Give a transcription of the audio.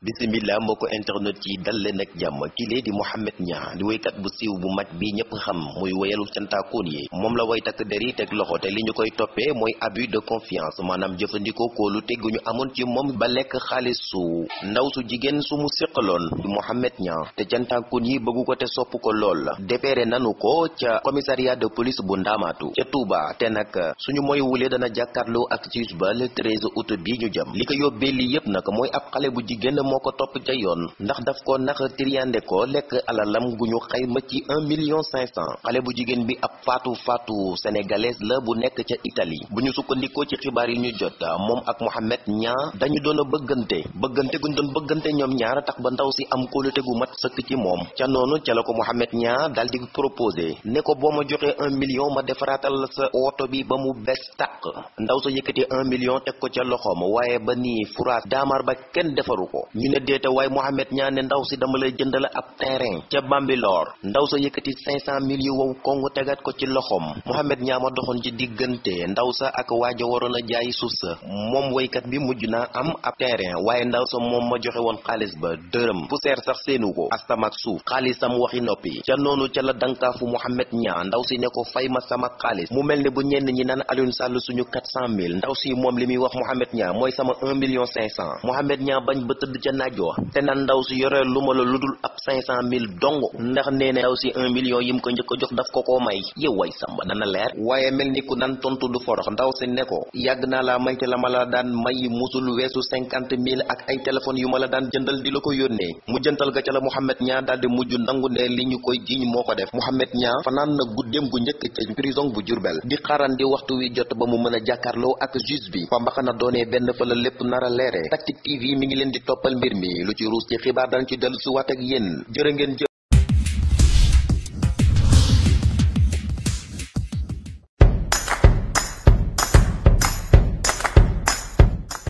bisimillah mbokk internet yi dal leen ak jàmm kii lee di Mouhamed Niang di woykat bu siiw bu mag bi ñëpp xam muy woyalu cantaakoon yi moom la way takk der yi teg loxo te li ñu koy toppee mooy abus de confiance maanaam jëfandikoo kóolu te gu ñu amoon ci moom ba lekk xaalis su ndaw su jigéen su mu séqaloon di Mouhamed Niang te cantaakoon yi bëggu ko te sopp ko lool dépéré nanu ko ca commissariat de police bu ndaamaatu ca Touba te nag suñu mooy wulee dana jàkkaarloo ak moo ko topp ca yoon ndax daf ko nax triyande ko lekk alalam gu ñu xayma ci un million cinq cent xale bu jigéen bi ab faatu faatu sénégalaise la bu nekk ca Italie bu ñu sukkandikoo ci xibaar yi ñu jot moom ak Mohamed Niang dañu doon a bëggante bëggante guñ doon bëggante ñoom ñaar tax ba ndaw si am kóolute gu mat sëkk ci moom ca noonu ca la ko Mohamed Niang daal di proposé ne ko boo ma joxee un million ma defaraatal sa woto bi ba mu bees tàq ndaw sa yëkkati un million teg ko ca loxoom waaye ba nii furaas daamar ba kenn defaru ko ñu ne déete waaye Mohamed ñaane ndaw si dama lay jëndale ab terrain ca Bambilor ndaw sa yëkkati mille yu wow kong tegaat ko ci loxoom Mohamed ñaa ma doxoon ci diggante ndaw sa ak waaja waroon a jaay suuf sa moom waykat bi mujj naa am ab terrain waaye ndaw sa moom ma joxe woon xaalis ba dërëm fu seer sax séenu ko astam ak suuf xaalisam waxi noppi ca noonu ca la dankaafu Mohamed ñaa ndaw si ne ko fay ma sama xaalis mu mel ne bu ñenn ñi naan Alioune Sall suñu quatre cent mille ndaw si moom li muy wax Mohamed ñaa mooy sama un million cinq cent Mohamed ñaa bañ ba tëdd ca ca naaj wa te nan ndaw si yoree lu ma la ludul ab cinq cent mille dong ndax nee ndaw si un million yi mu ko njëkk a jox daf ko koo may yow way samba dana leer waaye mel ni ku nan tontu du forox ndaw si ne yàgg naa laa may te la ma la daan may musul weesu cinquante mille ak ay téléphone yu ma la daan jëndal di la ko yónnee mu jëntal ga ca la Mouhamed Niang daal di mujj nangu ne li ñu koy jiñ moo ko def Mouhamed Niang fanaan na guddeem gu njëkk ca prison bu Jurbel di xaarandi waxtu wi jot ba mu mën a jàkkaarloo ak juge bi fa mbaxana doonee benn fa la lépp a leere mbir mi lu ci ruus ci xibaar daan ci dellu si waat ak jërë ngeen jëf